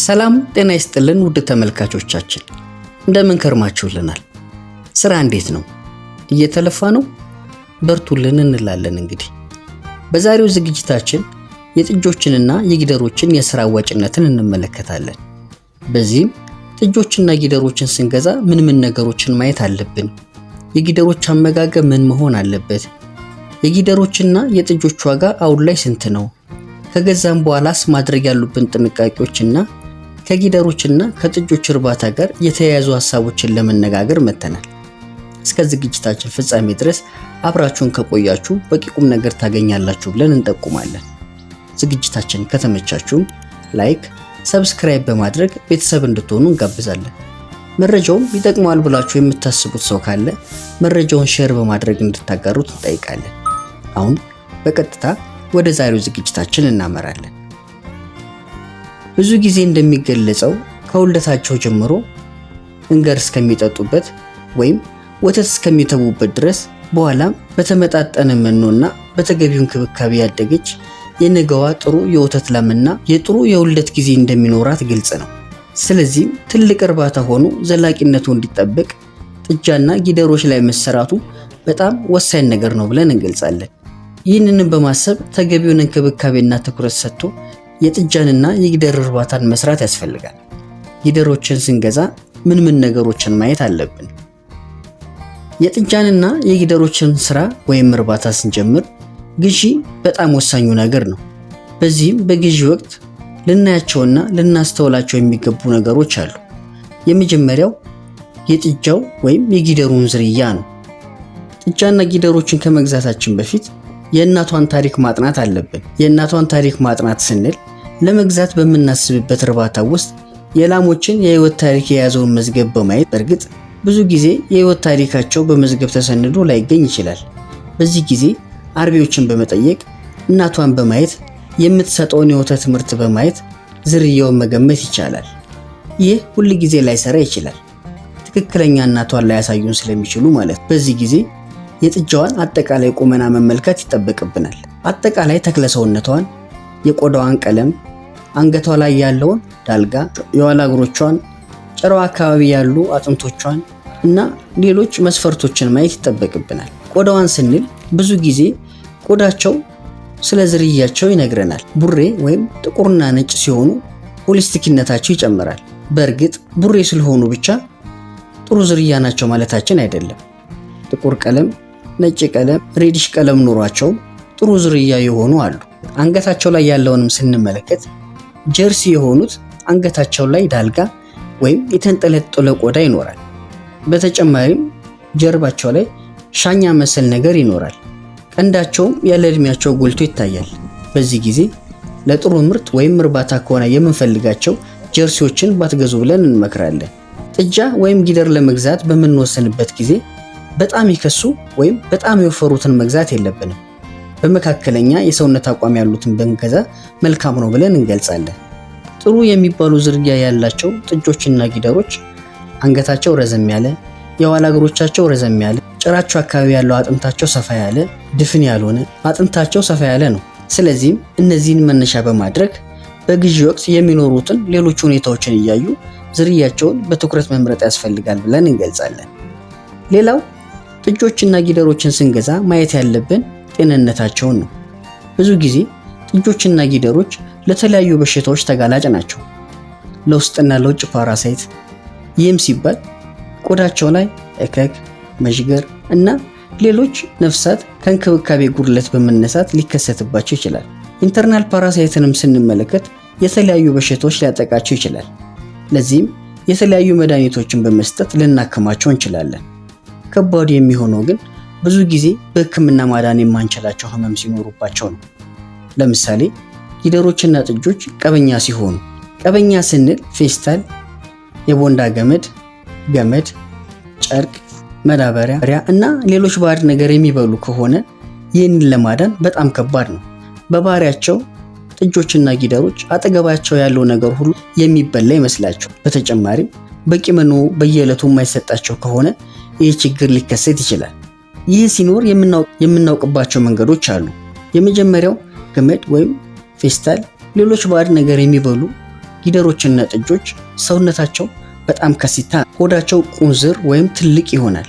ሰላም ጤና ይስጥልን ውድ ተመልካቾቻችን እንደምን ከርማችሁልናል? ስራ እንዴት ነው? እየተለፋ ነው? በርቱልን እንላለን። እንግዲህ በዛሬው ዝግጅታችን የጥጆችንና የጊደሮችን የስራ አዋጭነትን እንመለከታለን። በዚህም ጥጆችና ጊደሮችን ስንገዛ ምን ምን ነገሮችን ማየት አለብን? የጊደሮች አመጋገብ ምን መሆን አለበት? የጊደሮችና የጥጆች ዋጋ አሁን ላይ ስንት ነው? ከገዛም በኋላስ ማድረግ ያሉብን ጥንቃቄዎችና ከጊደሮችና ከጥጆች እርባታ ጋር የተያያዙ ሀሳቦችን ለመነጋገር መጥተናል። እስከ ዝግጅታችን ፍጻሜ ድረስ አብራችሁን ከቆያችሁ በቂ ቁም ነገር ታገኛላችሁ ብለን እንጠቁማለን። ዝግጅታችን ከተመቻችሁም ላይክ፣ ሰብስክራይብ በማድረግ ቤተሰብ እንድትሆኑ እንጋብዛለን። መረጃውም ይጠቅማል ብላችሁ የምታስቡት ሰው ካለ መረጃውን ሼር በማድረግ እንድታጋሩት እንጠይቃለን። አሁን በቀጥታ ወደ ዛሬው ዝግጅታችን እናመራለን። ብዙ ጊዜ እንደሚገለጸው ከውልደታቸው ጀምሮ እንገር እስከሚጠጡበት ወይም ወተት እስከሚተቡበት ድረስ በኋላም በተመጣጠነ መኖና በተገቢው እንክብካቤ ያደገች የነገዋ ጥሩ የወተት ላምና የጥሩ የውልደት ጊዜ እንደሚኖራት ግልጽ ነው። ስለዚህም ትልቅ እርባታ ሆኖ ዘላቂነቱ እንዲጠበቅ ጥጃና ጊደሮች ላይ መሰራቱ በጣም ወሳኝ ነገር ነው ብለን እንገልጻለን። ይህንንም በማሰብ ተገቢውን እንክብካቤና ትኩረት ሰጥቶ የጥጃንና የጊደር እርባታን መስራት ያስፈልጋል። ጊደሮችን ስንገዛ ምን ምን ነገሮችን ማየት አለብን? የጥጃንና የጊደሮችን ስራ ወይም እርባታ ስንጀምር ግዢ በጣም ወሳኙ ነገር ነው። በዚህም በግዢ ወቅት ልናያቸውና ልናስተውላቸው የሚገቡ ነገሮች አሉ። የመጀመሪያው የጥጃው ወይም የጊደሩን ዝርያ ነው። ጥጃና ጊደሮችን ከመግዛታችን በፊት የእናቷን ታሪክ ማጥናት አለብን። የእናቷን ታሪክ ማጥናት ስንል ለመግዛት በምናስብበት እርባታ ውስጥ የላሞችን የህይወት ታሪክ የያዘውን መዝገብ በማየት በእርግጥ ብዙ ጊዜ የህይወት ታሪካቸው በመዝገብ ተሰንዶ ላይገኝ ይችላል። በዚህ ጊዜ አርቢዎችን በመጠየቅ እናቷን በማየት የምትሰጠውን የወተት ትምህርት በማየት ዝርያውን መገመት ይቻላል። ይህ ሁል ጊዜ ላይሰራ ይችላል፣ ትክክለኛ እናቷን ላያሳዩን ስለሚችሉ ማለት። በዚህ ጊዜ የጥጃዋን አጠቃላይ ቁመና መመልከት ይጠበቅብናል። አጠቃላይ ተክለሰውነቷን፣ የቆዳዋን ቀለም፣ አንገቷ ላይ ያለውን ዳልጋ፣ የኋላ እግሮቿን፣ ጨረዋ አካባቢ ያሉ አጥንቶቿን እና ሌሎች መስፈርቶችን ማየት ይጠበቅብናል። ቆዳዋን ስንል ብዙ ጊዜ ቆዳቸው ስለ ዝርያቸው ይነግረናል። ቡሬ ወይም ጥቁርና ነጭ ሲሆኑ ሆሊስቲክነታቸው ይጨምራል። በእርግጥ ቡሬ ስለሆኑ ብቻ ጥሩ ዝርያ ናቸው ማለታችን አይደለም። ጥቁር ቀለም ነጭ ቀለም፣ ሬዲሽ ቀለም ኑሯቸው ጥሩ ዝርያ የሆኑ አሉ። አንገታቸው ላይ ያለውንም ስንመለከት ጀርሲ የሆኑት አንገታቸው ላይ ዳልጋ ወይም የተንጠለጠለ ቆዳ ይኖራል። በተጨማሪም ጀርባቸው ላይ ሻኛ መሰል ነገር ይኖራል። ቀንዳቸውም ያለ እድሜያቸው ጎልቶ ይታያል። በዚህ ጊዜ ለጥሩ ምርት ወይም እርባታ ከሆነ የምንፈልጋቸው ጀርሲዎችን ባትገዙ ብለን እንመክራለን። ጥጃ ወይም ጊደር ለመግዛት በምንወሰንበት ጊዜ በጣም የከሱ ወይም በጣም የወፈሩትን መግዛት የለብንም። በመካከለኛ የሰውነት አቋም ያሉትን ብንገዛ መልካም ነው ብለን እንገልጻለን። ጥሩ የሚባሉ ዝርያ ያላቸው ጥጆችና ጊደሮች አንገታቸው ረዘም ያለ፣ የኋላ እግሮቻቸው ረዘም ያለ፣ ጭራቸው አካባቢ ያለው አጥንታቸው ሰፋ ያለ፣ ድፍን ያልሆነ አጥንታቸው ሰፋ ያለ ነው። ስለዚህም እነዚህን መነሻ በማድረግ በግዢ ወቅት የሚኖሩትን ሌሎች ሁኔታዎችን እያዩ ዝርያቸውን በትኩረት መምረጥ ያስፈልጋል ብለን እንገልጻለን። ሌላው ጥጆችና ጊደሮችን ስንገዛ ማየት ያለብን ጤንነታቸውን ነው። ብዙ ጊዜ ጥጆችና ጊደሮች ለተለያዩ በሽታዎች ተጋላጭ ናቸው፣ ለውስጥና ለውጭ ፓራሳይት። ይህም ሲባል ቆዳቸው ላይ እከክ፣ መዥገር እና ሌሎች ነፍሳት ከእንክብካቤ ጉድለት በመነሳት ሊከሰትባቸው ይችላል። ኢንተርናል ፓራሳይትንም ስንመለከት የተለያዩ በሽታዎች ሊያጠቃቸው ይችላል። ለዚህም የተለያዩ መድኃኒቶችን በመስጠት ልናክማቸው እንችላለን። ከባዱ የሚሆነው ግን ብዙ ጊዜ በህክምና ማዳን የማንችላቸው ህመም ሲኖሩባቸው ነው። ለምሳሌ ጊደሮችና ጥጆች ቀበኛ ሲሆኑ፣ ቀበኛ ስንል ፌስታል፣ የቦንዳ ገመድ፣ ገመድ፣ ጨርቅ፣ መዳበሪያ እና ሌሎች ባዕድ ነገር የሚበሉ ከሆነ ይህንን ለማዳን በጣም ከባድ ነው። በባህሪያቸው ጥጆችና ጊደሮች አጠገባቸው ያለው ነገር ሁሉ የሚበላ ይመስላቸው። በተጨማሪም በቂ መኖ በየዕለቱ የማይሰጣቸው ከሆነ ይህ ችግር ሊከሰት ይችላል። ይህ ሲኖር የምናውቅባቸው መንገዶች አሉ። የመጀመሪያው ገመድ ወይም ፌስታል፣ ሌሎች ባዕድ ነገር የሚበሉ ጊደሮችና ጥጆች ሰውነታቸው በጣም ከሲታ፣ ሆዳቸው ቁንዝር ወይም ትልቅ ይሆናል።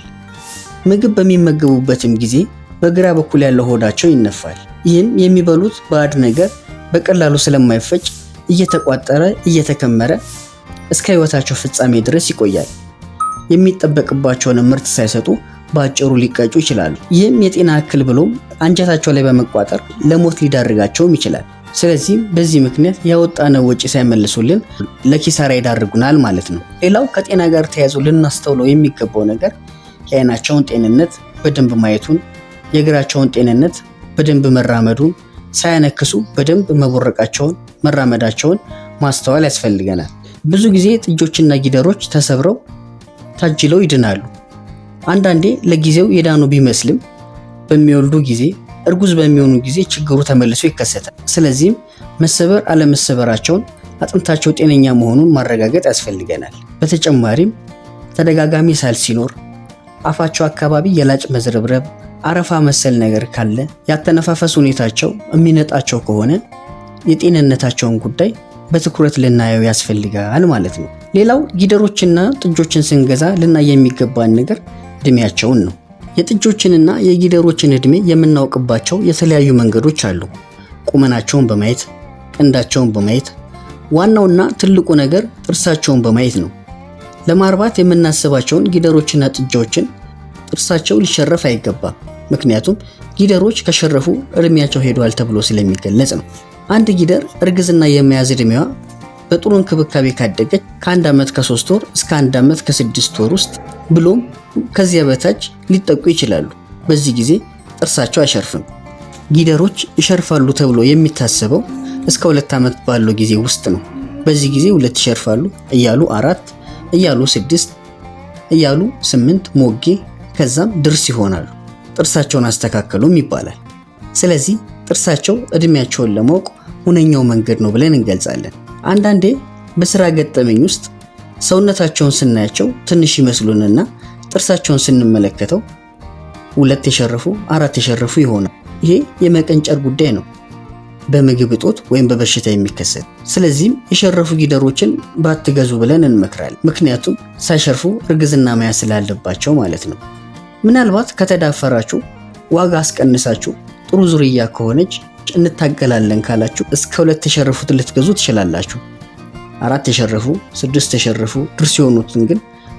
ምግብ በሚመገቡበትም ጊዜ በግራ በኩል ያለው ሆዳቸው ይነፋል። ይህም የሚበሉት ባዕድ ነገር በቀላሉ ስለማይፈጭ እየተቋጠረ እየተከመረ እስከ ሕይወታቸው ፍጻሜ ድረስ ይቆያል። የሚጠበቅባቸውን ምርት ሳይሰጡ በአጭሩ ሊቀጩ ይችላሉ። ይህም የጤና እክል ብሎም አንጀታቸው ላይ በመቋጠር ለሞት ሊዳርጋቸውም ይችላል። ስለዚህም በዚህ ምክንያት ያወጣነው ወጪ ሳይመልሱልን ለኪሳራ ይዳርጉናል ማለት ነው። ሌላው ከጤና ጋር ተያይዞ ልናስተውለው የሚገባው ነገር የአይናቸውን ጤንነት በደንብ ማየቱን፣ የእግራቸውን ጤንነት በደንብ መራመዱን፣ ሳያነክሱ በደንብ መቦረቃቸውን፣ መራመዳቸውን ማስተዋል ያስፈልገናል። ብዙ ጊዜ ጥጆችና ጊደሮች ተሰብረው ታጅለው ይድናሉ። አንዳንዴ ለጊዜው የዳኑ ቢመስልም በሚወልዱ ጊዜ እርጉዝ በሚሆኑ ጊዜ ችግሩ ተመልሶ ይከሰታል። ስለዚህም መሰበር አለመሰበራቸውን አጥንታቸው ጤነኛ መሆኑን ማረጋገጥ ያስፈልገናል። በተጨማሪም ተደጋጋሚ ሳል ሲኖር፣ አፋቸው አካባቢ የላጭ መዝረብረብ፣ አረፋ መሰል ነገር ካለ፣ ያተነፋፈስ ሁኔታቸው የሚነጣቸው ከሆነ የጤንነታቸውን ጉዳይ በትኩረት ልናየው ያስፈልጋል ማለት ነው። ሌላው ጊደሮችና ጥጆችን ስንገዛ ልናይ የሚገባን ነገር እድሜያቸውን ነው። የጥጆችንና የጊደሮችን እድሜ የምናውቅባቸው የተለያዩ መንገዶች አሉ። ቁመናቸውን በማየት ቀንዳቸውን በማየት ዋናውና ትልቁ ነገር ጥርሳቸውን በማየት ነው። ለማርባት የምናስባቸውን ጊደሮችና ጥጃዎችን ጥርሳቸው ሊሸረፍ አይገባም። ምክንያቱም ጊደሮች ከሸረፉ እድሜያቸው ሄዷል ተብሎ ስለሚገለጽ ነው። አንድ ጊደር እርግዝና የመያዝ እድሜዋ በጥሩ እንክብካቤ ካደገች ከአንድ ዓመት ከሶስት ወር እስከ አንድ ዓመት ከስድስት ወር ውስጥ ብሎም ከዚያ በታች ሊጠቁ ይችላሉ። በዚህ ጊዜ ጥርሳቸው አይሸርፍም። ጊደሮች ይሸርፋሉ ተብሎ የሚታሰበው እስከ ሁለት ዓመት ባለው ጊዜ ውስጥ ነው። በዚህ ጊዜ ሁለት ይሸርፋሉ እያሉ አራት እያሉ ስድስት እያሉ ስምንት ሞጌ ከዛም ድርስ ይሆናሉ። ጥርሳቸውን አስተካከሉም ይባላል። ስለዚህ ጥርሳቸው እድሜያቸውን ለማወቅ ሁነኛው መንገድ ነው ብለን እንገልጻለን። አንዳንዴ በስራ ገጠመኝ ውስጥ ሰውነታቸውን ስናያቸው ትንሽ ይመስሉንና ጥርሳቸውን ስንመለከተው ሁለት የሸረፉ አራት የሸረፉ ይሆናል። ይሄ የመቀንጨር ጉዳይ ነው፣ በምግብ እጦት ወይም በበሽታ የሚከሰት። ስለዚህም የሸረፉ ጊደሮችን ባትገዙ ብለን እንመክራለን። ምክንያቱም ሳይሸርፉ እርግዝና መያዝ ስላለባቸው ማለት ነው። ምናልባት ከተዳፈራችሁ ዋጋ አስቀንሳችሁ ጥሩ ዙርያ ከሆነች እንታገላለን ካላችሁ እስከ ሁለት ተሸርፉት ልትገዙ ትችላላችሁ። አራት የሸረፉ፣ ስድስት የሸረፉ ድርስ የሆኑትን ግን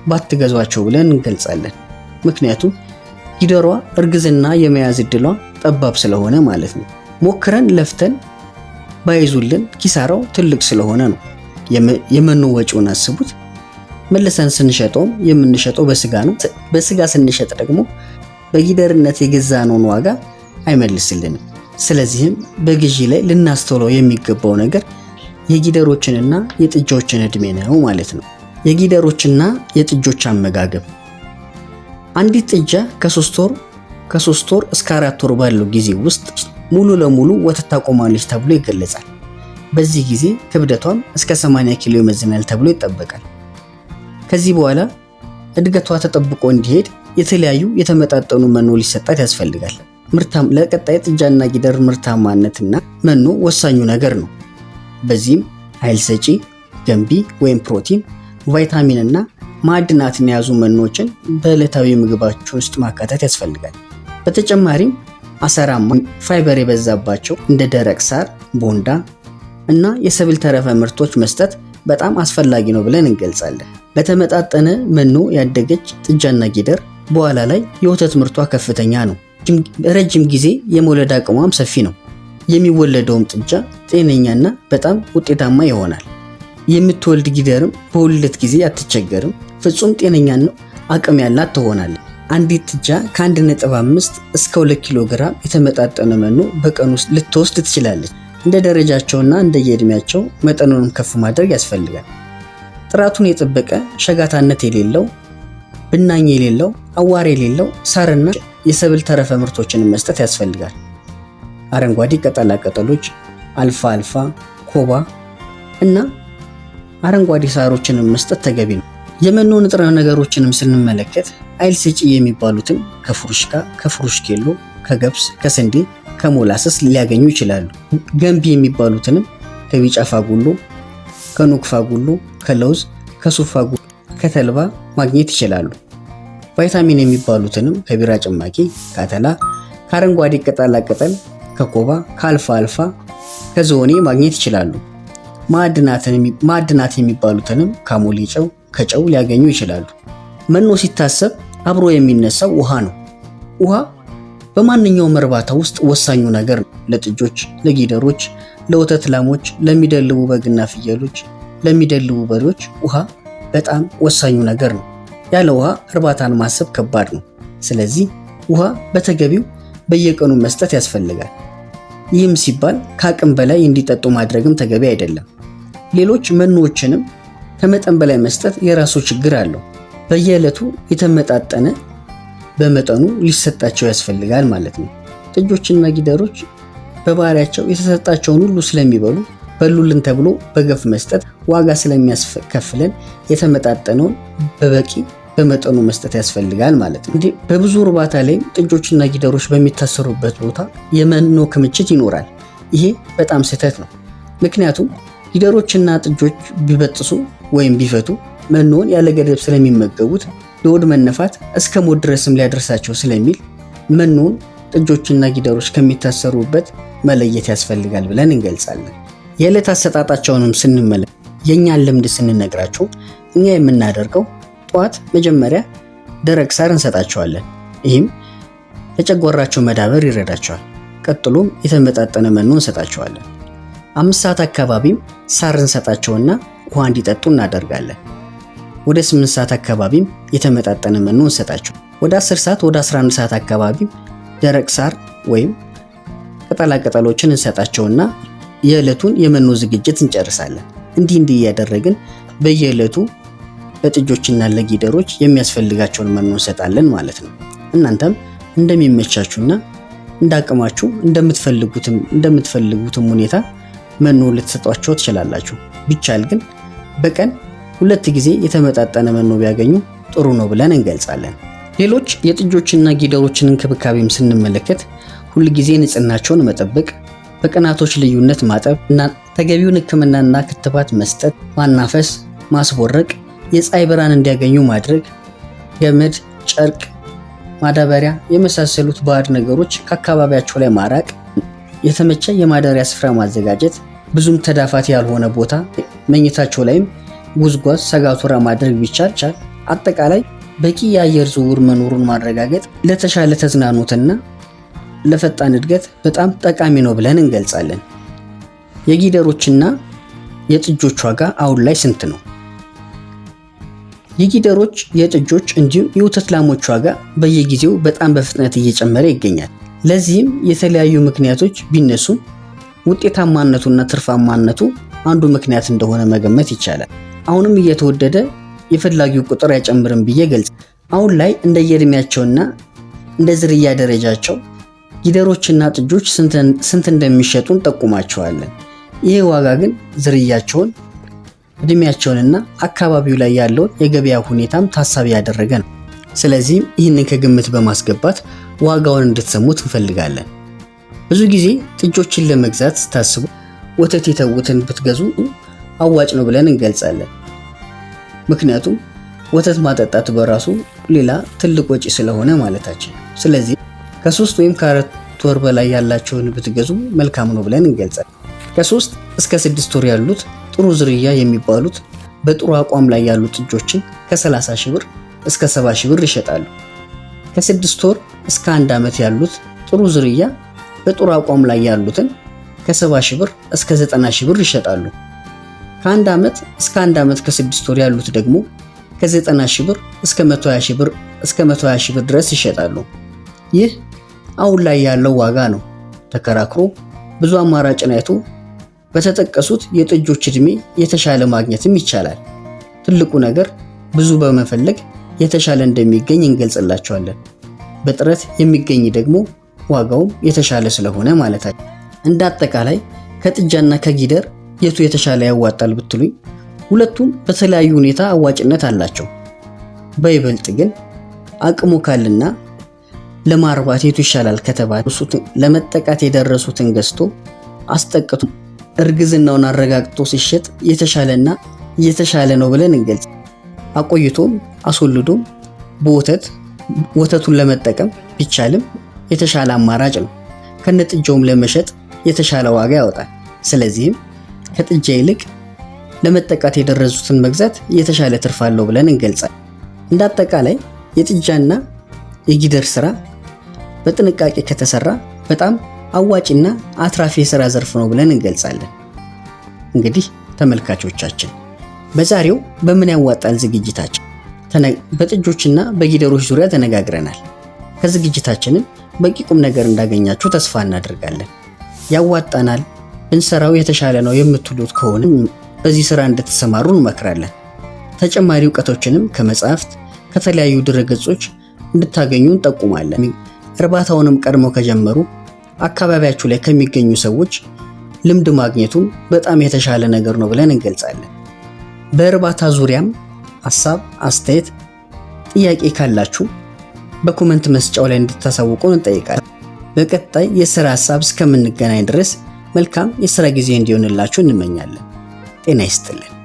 ባትገዟቸው ብለን እንገልጻለን። ምክንያቱም ጊደሯ እርግዝና የመያዝ እድሏ ጠባብ ስለሆነ ማለት ነው። ሞክረን ለፍተን ባይዙልን ኪሳራው ትልቅ ስለሆነ ነው። የመኖ ወጪውን አስቡት። መልሰን ስንሸጠውም የምንሸጠው በስጋ ነው። በስጋ ስንሸጥ ደግሞ በጊደርነት የገዛነውን ዋጋ አይመልስልንም። ስለዚህም በግዢ ላይ ልናስተውለው የሚገባው ነገር የጊደሮችንና የጥጆችን ዕድሜ ነው ማለት ነው። የጊደሮችና የጥጆች አመጋገብ አንዲት ጥጃ ከሶስት ወር ከሶስት ወር እስከ አራት ወር ባለው ጊዜ ውስጥ ሙሉ ለሙሉ ወተት ታቆማለች ተብሎ ይገለጻል። በዚህ ጊዜ ክብደቷም እስከ 80 ኪሎ ይመዝናል ተብሎ ይጠበቃል። ከዚህ በኋላ እድገቷ ተጠብቆ እንዲሄድ የተለያዩ የተመጣጠኑ መኖ ሊሰጣት ያስፈልጋል። ምርታም ለቀጣይ ጥጃና ጊደር ምርታማነትና መኖ ወሳኙ ነገር ነው። በዚህም ኃይል ሰጪ፣ ገንቢ ወይም ፕሮቲን፣ ቫይታሚንና ማዕድናትን የያዙ መኖችን በዕለታዊ ምግባችን ውስጥ ማካተት ያስፈልጋል። በተጨማሪም አሰራማ ፋይበር የበዛባቸው እንደ ደረቅ ሳር፣ ቦንዳ እና የሰብል ተረፈ ምርቶች መስጠት በጣም አስፈላጊ ነው ብለን እንገልጻለን። በተመጣጠነ መኖ ያደገች ጥጃና ጊደር በኋላ ላይ የወተት ምርቷ ከፍተኛ ነው። ረጅም ጊዜ የመውለድ አቅሟም ሰፊ ነው። የሚወለደውም ጥጃ ጤነኛና በጣም ውጤታማ ይሆናል። የምትወልድ ጊደርም በወለደች ጊዜ አትቸገርም፣ ፍጹም ጤነኛና አቅም ያላት ትሆናለች። አንዲት ጥጃ ከ1.5 እስከ 2 ኪሎ ግራም የተመጣጠነ መኖ በቀን ውስጥ ልትወስድ ትችላለች። እንደ ደረጃቸውና እንደየእድሜያቸው መጠኑንም ከፍ ማድረግ ያስፈልጋል። ጥራቱን የጠበቀ ሸጋታነት የሌለው ብናኝ የሌለው አዋሪ የሌለው ሳርና የሰብል ተረፈ ምርቶችን መስጠት ያስፈልጋል። አረንጓዴ ቅጠላ ቅጠሎች፣ አልፋ አልፋ፣ ኮባ እና አረንጓዴ ሳሮችን መስጠት ተገቢ ነው። የመኖ ንጥረ ነገሮችንም ስንመለከት አይል ሰጪ የሚባሉትን ከፍሩሽካ፣ ከፍሩሽኬሎ፣ ከገብስ፣ ከስንዴ፣ ከሞላሰስ ሊያገኙ ይችላሉ። ገንቢ የሚባሉትንም ከቢጫ ፋጉሎ፣ ከኑግ ፋጉሎ፣ ከለውዝ፣ ከሱፍ ፋጉሎ፣ ከተልባ ማግኘት ይችላሉ። ቫይታሚን የሚባሉትንም ከቢራ ጭማቂ፣ ከተላ፣ ከአረንጓዴ ቅጠላ ቅጠል፣ ከኮባ፣ ከአልፋ አልፋ፣ ከዞኔ ማግኘት ይችላሉ። ማዕድናት የሚባሉትንም ከሙሌ ጨው፣ ከጨው ሊያገኙ ይችላሉ። መኖ ሲታሰብ አብሮ የሚነሳው ውሃ ነው። ውሃ በማንኛውም እርባታ ውስጥ ወሳኙ ነገር ነው። ለጥጆች፣ ለጊደሮች፣ ለወተት ላሞች፣ ለሚደልቡ በግና ፍየሎች፣ ለሚደልቡ በሬዎች ውሃ በጣም ወሳኙ ነገር ነው። ያለ ውሃ እርባታን ማሰብ ከባድ ነው። ስለዚህ ውሃ በተገቢው በየቀኑ መስጠት ያስፈልጋል። ይህም ሲባል ከአቅም በላይ እንዲጠጡ ማድረግም ተገቢ አይደለም። ሌሎች መኖዎችንም ከመጠን በላይ መስጠት የራሱ ችግር አለው። በየዕለቱ የተመጣጠነ በመጠኑ ሊሰጣቸው ያስፈልጋል ማለት ነው። ጥጆችና ጊደሮች በባህሪያቸው የተሰጣቸውን ሁሉ ስለሚበሉ በሉልን ተብሎ በገፍ መስጠት ዋጋ ስለሚያስከፍለን የተመጣጠነውን በበቂ በመጠኑ መስጠት ያስፈልጋል ማለት ነው። እንዲህ በብዙ እርባታ ላይም ጥጆችና ጊደሮች በሚታሰሩበት ቦታ የመኖ ክምችት ይኖራል። ይሄ በጣም ስህተት ነው። ምክንያቱም ጊደሮችና ጥጆች ቢበጥሱ ወይም ቢፈቱ መኖውን ያለ ገደብ ስለሚመገቡት ለሆድ መነፋት እስከ ሞት ድረስም ሊያደርሳቸው ስለሚል መኖውን ጥጆችና ጊደሮች ከሚታሰሩበት መለየት ያስፈልጋል ብለን እንገልጻለን። የዕለት አሰጣጣቸውንም ስንመለ የእኛን ልምድ ስንነግራቸው እኛ የምናደርገው ጠዋት መጀመሪያ ደረቅ ሳር እንሰጣቸዋለን። ይህም ለጨጓራቸው መዳበር ይረዳቸዋል። ቀጥሎም የተመጣጠነ መኖ እንሰጣቸዋለን። አምስት ሰዓት አካባቢም ሳር እንሰጣቸውና ውሃ እንዲጠጡ እናደርጋለን። ወደ ስምንት ሰዓት አካባቢም የተመጣጠነ መኖ እንሰጣቸው። ወደ 10 ሰዓት ወደ 11 ሰዓት አካባቢም ደረቅ ሳር ወይም ቅጠላ ቅጠሎችን እንሰጣቸውና የዕለቱን የመኖ ዝግጅት እንጨርሳለን። እንዲህ እንዲህ እያደረግን በየዕለቱ ለጥጆችና ለጊደሮች የሚያስፈልጋቸውን መኖ እንሰጣለን ማለት ነው። እናንተም እንደሚመቻችሁና እንዳቅማችሁ እንደምትፈልጉትም እንደምትፈልጉትም ሁኔታ መኖ ልትሰጧቸው ትችላላችሁ። ቢቻል ግን በቀን ሁለት ጊዜ የተመጣጠነ መኖ ቢያገኙ ጥሩ ነው ብለን እንገልጻለን። ሌሎች የጥጆችና ጊደሮችን እንክብካቤም ስንመለከት ሁልጊዜ ንጽህናቸውን መጠበቅ በቀናቶች ልዩነት ማጠብ እና ተገቢውን ሕክምናና ክትባት መስጠት፣ ማናፈስ፣ ማስቦረቅ፣ የፀሐይ ብርሃን እንዲያገኙ ማድረግ፣ ገመድ፣ ጨርቅ፣ ማዳበሪያ የመሳሰሉት ባዕድ ነገሮች ከአካባቢያቸው ላይ ማራቅ፣ የተመቸ የማደሪያ ስፍራ ማዘጋጀት፣ ብዙም ተዳፋት ያልሆነ ቦታ መኝታቸው ላይም ጉዝጓዝ፣ ሰጋቱራ ማድረግ ቢቻል ቻል አጠቃላይ በቂ የአየር ዝውውር መኖሩን ማረጋገጥ ለተሻለ ተዝናኖትና ለፈጣን እድገት በጣም ጠቃሚ ነው ብለን እንገልጻለን። የጊደሮችና የጥጆች ዋጋ አሁን ላይ ስንት ነው? የጊደሮች የጥጆች እንዲሁም የወተት ላሞች ዋጋ በየጊዜው በጣም በፍጥነት እየጨመረ ይገኛል። ለዚህም የተለያዩ ምክንያቶች ቢነሱም ውጤታማነቱና ትርፋማነቱ አንዱ ምክንያት እንደሆነ መገመት ይቻላል። አሁንም እየተወደደ የፈላጊው ቁጥር አይጨምርም ብዬ ገልጽ። አሁን ላይ እንደየእድሜያቸውና እንደ ዝርያ ደረጃቸው ጊደሮችና ጥጆች ስንት እንደሚሸጡ እንጠቁማቸዋለን። ይህ ዋጋ ግን ዝርያቸውን፣ እድሜያቸውንና አካባቢው ላይ ያለውን የገበያ ሁኔታም ታሳቢ ያደረገ ነው። ስለዚህም ይህንን ከግምት በማስገባት ዋጋውን እንድትሰሙት እንፈልጋለን። ብዙ ጊዜ ጥጆችን ለመግዛት ስታስቡ ወተት የተዉትን ብትገዙ አዋጭ ነው ብለን እንገልጻለን። ምክንያቱም ወተት ማጠጣት በራሱ ሌላ ትልቅ ወጪ ስለሆነ ማለታችን። ስለዚህ ከሶስት ወይም ከአራት ወር በላይ ያላቸውን ብትገዙ መልካም ነው ብለን እንገልጻል። ከሶስት እስከ ስድስት ወር ያሉት ጥሩ ዝርያ የሚባሉት በጥሩ አቋም ላይ ያሉ ጥጆችን ከ30 ሺህ ብር እስከ 70 ሺህ ብር ይሸጣሉ። ከስድስት ወር እስከ አንድ ዓመት ያሉት ጥሩ ዝርያ በጥሩ አቋም ላይ ያሉትን ከ70 ሺህ ብር እስከ 90 ሺህ ብር ይሸጣሉ። ከአንድ ዓመት እስከ አንድ ዓመት ከስድስት ወር ያሉት ደግሞ ከ90 ሺህ ብር እስከ 120 ሺህ ብር ድረስ ይሸጣሉ። ይህ አሁን ላይ ያለው ዋጋ ነው። ተከራክሮ ብዙ አማራጭ አይቶ በተጠቀሱት የጥጆች ዕድሜ የተሻለ ማግኘትም ይቻላል። ትልቁ ነገር ብዙ በመፈለግ የተሻለ እንደሚገኝ እንገልጽላቸዋለን። በጥረት የሚገኝ ደግሞ ዋጋውም የተሻለ ስለሆነ ማለታቸው። እንደ አጠቃላይ ከጥጃና ከጊደር የቱ የተሻለ ያዋጣል ብትሉኝ ሁለቱም በተለያዩ ሁኔታ አዋጭነት አላቸው። በይበልጥ ግን አቅሙ ካልና ለማርባት የቱ ይሻላል ከተባለ ለመጠቃት የደረሱትን ገዝቶ አስጠቅቶ እርግዝናውን አረጋግጦ ሲሸጥ የተሻለና የተሻለ ነው ብለን እንገልጽ። አቆይቶም አስወልዶም በወተት ወተቱን ለመጠቀም ቢቻልም የተሻለ አማራጭ ነው። ከነጥጃውም ለመሸጥ የተሻለ ዋጋ ያወጣል። ስለዚህም ከጥጃ ይልቅ ለመጠቃት የደረሱትን መግዛት የተሻለ ትርፍ አለው ብለን እንገልጻል። እንደ አጠቃላይ የጥጃና የጊደር ስራ በጥንቃቄ ከተሰራ በጣም አዋጭና አትራፊ የሥራ ዘርፍ ነው ብለን እንገልጻለን። እንግዲህ ተመልካቾቻችን በዛሬው በምን ያዋጣል ዝግጅታችን በጥጆችና በጊደሮች ዙሪያ ተነጋግረናል። ከዝግጅታችንም በቂ ቁም ነገር እንዳገኛችሁ ተስፋ እናደርጋለን። ያዋጣናል፣ ብንሰራው የተሻለ ነው የምትሉት ከሆነ በዚህ ሥራ እንድትሰማሩ እንመክራለን። ተጨማሪ እውቀቶችንም ከመጽሐፍት ከተለያዩ ድረገጾች እንድታገኙ እንጠቁማለን። እርባታውንም ቀድሞ ከጀመሩ አካባቢያችሁ ላይ ከሚገኙ ሰዎች ልምድ ማግኘቱን በጣም የተሻለ ነገር ነው ብለን እንገልጻለን። በእርባታ ዙሪያም ሀሳብ፣ አስተያየት፣ ጥያቄ ካላችሁ በኮመንት መስጫው ላይ እንድታሳውቁ እንጠይቃለን። በቀጣይ የሥራ ሀሳብ እስከምንገናኝ ድረስ መልካም የሥራ ጊዜ እንዲሆንላችሁ እንመኛለን። ጤና ይስጥልን።